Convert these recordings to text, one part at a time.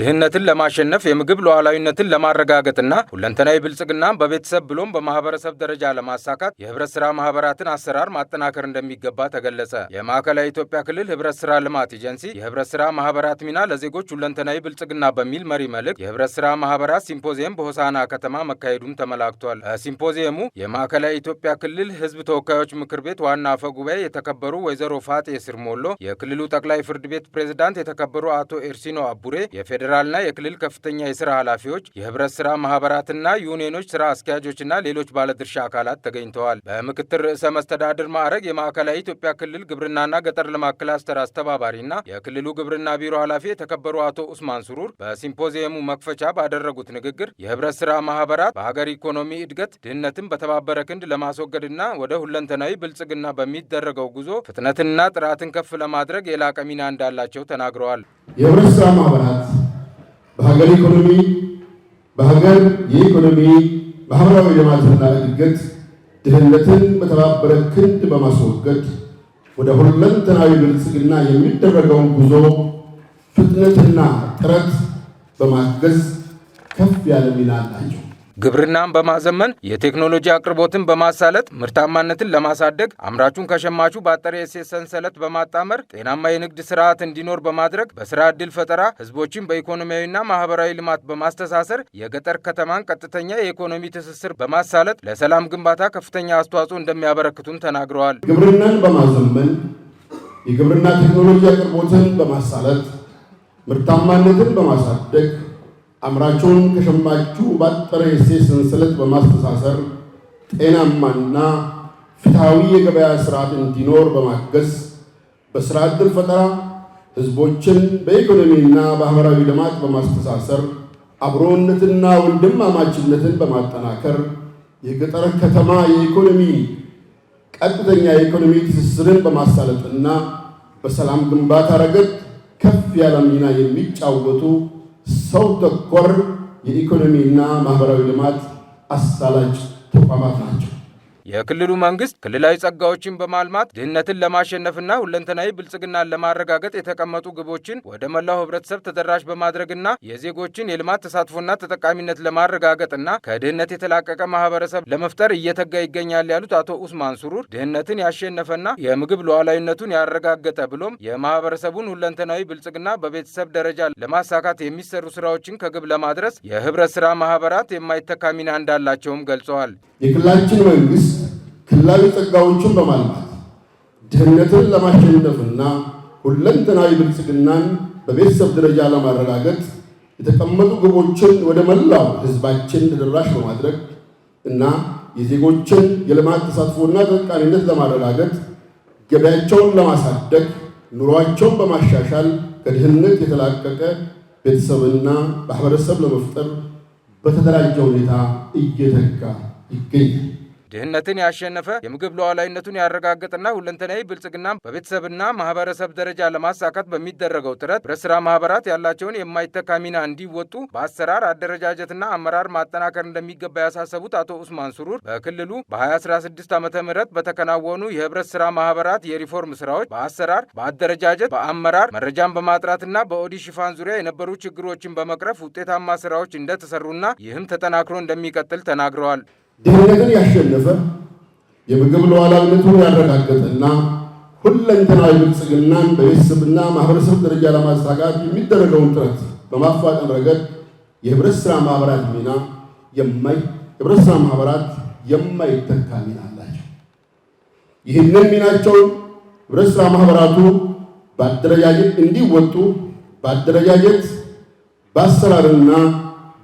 ድህነትን ለማሸነፍ የምግብ ሉዓላዊነትን ለማረጋገጥና ሁለንተናዊ ብልጽግናን በቤተሰብ ብሎም በማህበረሰብ ደረጃ ለማሳካት የህብረት ስራ ማህበራትን አሰራር ማጠናከር እንደሚገባ ተገለጸ። የማዕከላዊ ኢትዮጵያ ክልል ህብረት ስራ ልማት ኤጀንሲ የህብረት ስራ ማህበራት ሚና ለዜጎች ሁለንተናዊ ብልጽግና በሚል መሪ መልእክት የህብረት ስራ ማህበራት ሲምፖዚየም በሆሳና ከተማ መካሄዱም ተመላክቷል። በሲምፖዚየሙ የማዕከላዊ ኢትዮጵያ ክልል ህዝብ ተወካዮች ምክር ቤት ዋና አፈ ጉባኤ የተከበሩ ወይዘሮ ፋጤ ስርሞሎ፣ የክልሉ ጠቅላይ ፍርድ ቤት ፕሬዝዳንት የተከበሩ አቶ ኤርሲኖ አቡሬ፣ የፌዴራል የፌዴራልና የክልል ከፍተኛ የስራ ኃላፊዎች፣ የህብረት ስራ ማህበራትና ዩኒየኖች ስራ አስኪያጆችና ሌሎች ባለድርሻ አካላት ተገኝተዋል። በምክትል ርዕሰ መስተዳድር ማዕረግ የማዕከላዊ ኢትዮጵያ ክልል ግብርናና ገጠር ልማት ክላስተር አስተባባሪና የክልሉ ግብርና ቢሮ ኃላፊ የተከበሩ አቶ ኡስማን ስሩር በሲምፖዚየሙ መክፈቻ ባደረጉት ንግግር የህብረት ስራ ማህበራት በሀገር ኢኮኖሚ እድገት ድህነትን በተባበረ ክንድ ለማስወገድና ወደ ሁለንተናዊ ብልጽግና በሚደረገው ጉዞ ፍጥነትና ጥራትን ከፍ ለማድረግ የላቀ ሚና እንዳላቸው ተናግረዋል። የህብረት ስራ ማህበራት በሀገር ኢኮኖሚ በሀገር የኢኮኖሚ ማህበራዊ ልማትና እድገት ድህነትን በተባበረ ክንድ በማስወገድ ወደ ሁለንተናዊ ብልጽግና የሚደረገውን ጉዞ ፍጥነትና ጥረት በማገዝ ከፍ ያለ ሚና አላቸው። ግብርናን በማዘመን የቴክኖሎጂ አቅርቦትን በማሳለጥ ምርታማነትን ለማሳደግ አምራቹን ከሸማቹ ባጠረ የእሴት ሰንሰለት በማጣመር ጤናማ የንግድ ስርዓት እንዲኖር በማድረግ በስራ ዕድል ፈጠራ ህዝቦችን በኢኮኖሚያዊና ማህበራዊ ልማት በማስተሳሰር የገጠር ከተማን ቀጥተኛ የኢኮኖሚ ትስስር በማሳለጥ ለሰላም ግንባታ ከፍተኛ አስተዋጽኦ እንደሚያበረክቱም ተናግረዋል። ግብርናን በማዘመን የግብርና ቴክኖሎጂ አቅርቦትን በማሳለጥ ምርታማነትን በማሳደግ አምራቾን ከሸማቹ ባጠረ የእሴት ሰንሰለት በማስተሳሰር ጤናማና ፍትሐዊ የገበያ ስርዓት እንዲኖር በማገዝ በስራ ዕድል ፈጠራ ህዝቦችን በኢኮኖሚና በማህበራዊ ልማት በማስተሳሰር አብሮነትና ወንድማማችነትን በማጠናከር የገጠር ከተማ የኢኮኖሚ ቀጥተኛ የኢኮኖሚ ትስስርን በማሳለጥና በሰላም ግንባታ ረገድ ከፍ ያለ ሚና የሚጫወቱ ሰው ተኮር የኢኮኖሚና ማህበራዊ ልማት አሳላጭ ተቋማት ናቸው። የክልሉ መንግስት ክልላዊ ጸጋዎችን በማልማት ድህነትን ለማሸነፍና ሁለንተናዊ ብልጽግናን ለማረጋገጥ የተቀመጡ ግቦችን ወደ መላው ህብረተሰብ ተደራሽ በማድረግና የዜጎችን የልማት ተሳትፎና ተጠቃሚነት ለማረጋገጥና ከድህነት የተላቀቀ ማህበረሰብ ለመፍጠር እየተጋ ይገኛል ያሉት አቶ ኡስማን ሱሩር ድህነትን ያሸነፈና የምግብ ሉዓላዊነቱን ያረጋገጠ ብሎም የማህበረሰቡን ሁለንተናዊ ብልጽግና በቤተሰብ ደረጃ ለማሳካት የሚሰሩ ስራዎችን ከግብ ለማድረስ የህብረት ስራ ማህበራት የማይተካ ሚና እንዳላቸውም ገልጸዋል። የክልላችን መንግስት ክልላዊ ጸጋዎችን በማልማት ድህነትን ለማሸነፍና ሁለንተናዊ ብልጽግናን በቤተሰብ ደረጃ ለማረጋገጥ የተቀመጡ ግቦችን ወደ መላው ህዝባችን ተደራሽ በማድረግ እና የዜጎችን የልማት ተሳትፎና ተጠቃሚነት ለማረጋገጥ ገበያቸውን ለማሳደግ ኑሯቸውን በማሻሻል ከድህነት የተላቀቀ ቤተሰብና ማህበረሰብ ለመፍጠር በተደራጀ ሁኔታ እየተጋ ይገኛል። ድህነትን ያሸነፈ የምግብ ሉዓላዊነቱን ያረጋገጠና ሁለንተናዊ ብልጽግና በቤተሰብና ማህበረሰብ ደረጃ ለማሳካት በሚደረገው ጥረት በስራ ማህበራት ያላቸውን የማይተካ ሚና እንዲወጡ በአሰራር አደረጃጀትና አመራር ማጠናከር እንደሚገባ ያሳሰቡት አቶ ኡስማን ሱሩር በክልሉ በ2016 ዓ ም በተከናወኑ የህብረት ስራ ማህበራት የሪፎርም ስራዎች በአሰራር በአደረጃጀት በአመራር መረጃን በማጥራትና በኦዲ ሽፋን ዙሪያ የነበሩ ችግሮችን በመቅረፍ ውጤታማ ስራዎች እንደተሰሩና ይህም ተጠናክሮ እንደሚቀጥል ተናግረዋል። ድህነትን ያሸነፈ የምግብ ሉዓላዊነቱን ያረጋገጠና ሁለንተናዊ ብልጽግናን በቤተሰብና ማህበረሰብ ደረጃ ለማሳካት የሚደረገውን ጥረት በማፋጠን ረገድ የህብረት ሥራ ማህበራት ሚና የማይ የህብረት ሥራ ማህበራት የማይተካ ሚና አላቸው። ይህንን ሚናቸው ህብረት ሥራ ማህበራቱ በአደረጃጀት እንዲወጡ በአደረጃጀት በአሰራርና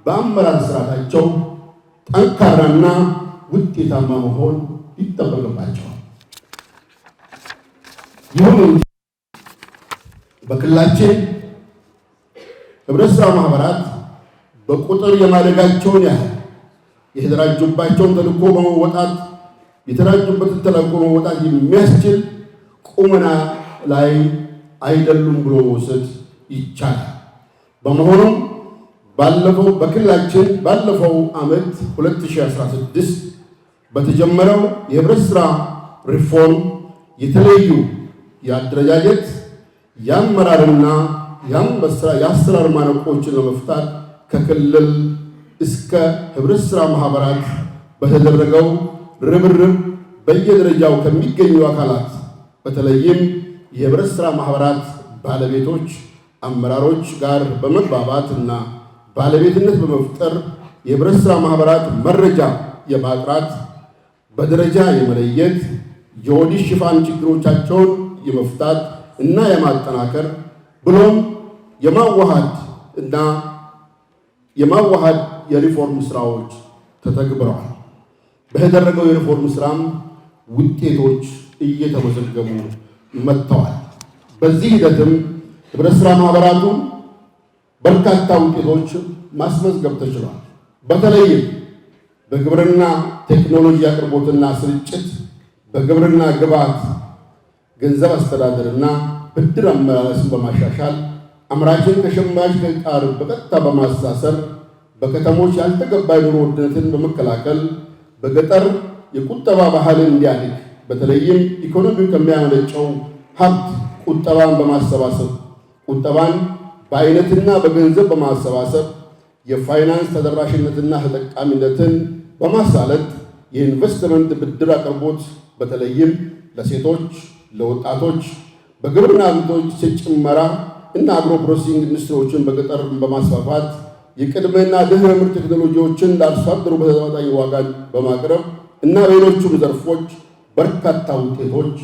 በአመራር ስርዓታቸው ጠንካራና ውጤታማ መሆን ይጠበቅባቸዋል። ይሁን እንጂ በክልላችን ህብረት ሥራ ማህበራት በቁጥር የማደጋቸውን ያህል የተደራጁባቸውን ተልእኮ በመወጣት የተደራጁበትን ተልእኮ በመወጣት የሚያስችል ቁመና ላይ አይደሉም ብሎ መውሰድ ይቻላል። በመሆኑም ባለፈው በክልላችን ባለፈው ዓመት 2016 በተጀመረው የህብረት ስራ ሪፎርም የተለዩ የአደረጃጀት የአመራርና የአሰራር ማነቆችን ለመፍታት ከክልል እስከ ህብረት ስራ ማህበራት በተደረገው ርብርብ በየደረጃው ከሚገኙ አካላት በተለይም የህብረት ስራ ማህበራት ባለቤቶች፣ አመራሮች ጋር በመግባባት እና ባለቤትነት በመፍጠር የህብረት ስራ ማህበራት መረጃ የማጥራት በደረጃ የመለየት የኦዲት ሽፋን ችግሮቻቸውን የመፍታት እና የማጠናከር ብሎም የማዋሃድ እና የማዋሃድ የሪፎርም ስራዎች ተተግብረዋል። በተደረገው የሪፎርም ስራም ውጤቶች እየተመዘገቡ መጥተዋል። በዚህ ሂደትም ህብረት ስራ ማህበራቱን በርካታ ውጤቶች ማስመዝገብ ተችሏል። በተለይም በግብርና ቴክኖሎጂ አቅርቦትና ስርጭት፣ በግብርና ግብዓት፣ ገንዘብ አስተዳደርና ብድር አመላለስን በማሻሻል አምራችን ከሸማች ጋር በቀጥታ በማሳሰር በከተሞች ያልተገባ የኑሮ ውድነትን በመከላከል በገጠር የቁጠባ ባህል እንዲያድግ በተለይም ኢኮኖሚው ከሚያመነጨው ሀብት ቁጠባን በማሰባሰብ ቁጠባን በአይነትና በገንዘብ በማሰባሰብ የፋይናንስ ተደራሽነትና ተጠቃሚነትን በማሳለጥ የኢንቨስትመንት ብድር አቅርቦት በተለይም ለሴቶች፣ ለወጣቶች በግብርና ምርቶች እሴት ጭመራ እና አግሮ ፕሮሰሲንግ ኢንዱስትሪዎችን በገጠር በማስፋፋት የቅድመና ድህረ ምርት ቴክኖሎጂዎችን ለአርሶ አደሩ በተመጣጣኝ ዋጋ በማቅረብ እና በሌሎቹም ዘርፎች በርካታ ውጤቶች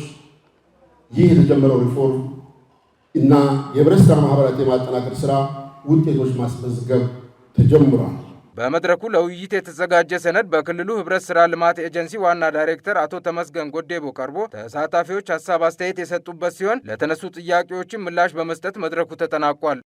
ይህ የተጀመረው ሪፎርም እና የህብረት ስራ ማህበራት የማጠናከር ስራ ውጤቶች ማስመዝገብ ተጀምሯል። በመድረኩ ለውይይት የተዘጋጀ ሰነድ በክልሉ ህብረት ስራ ልማት ኤጀንሲ ዋና ዳይሬክተር አቶ ተመስገን ጎዴቦ ቀርቦ ተሳታፊዎች ሀሳብ አስተያየት የሰጡበት ሲሆን ለተነሱ ጥያቄዎችን ምላሽ በመስጠት መድረኩ ተጠናቋል።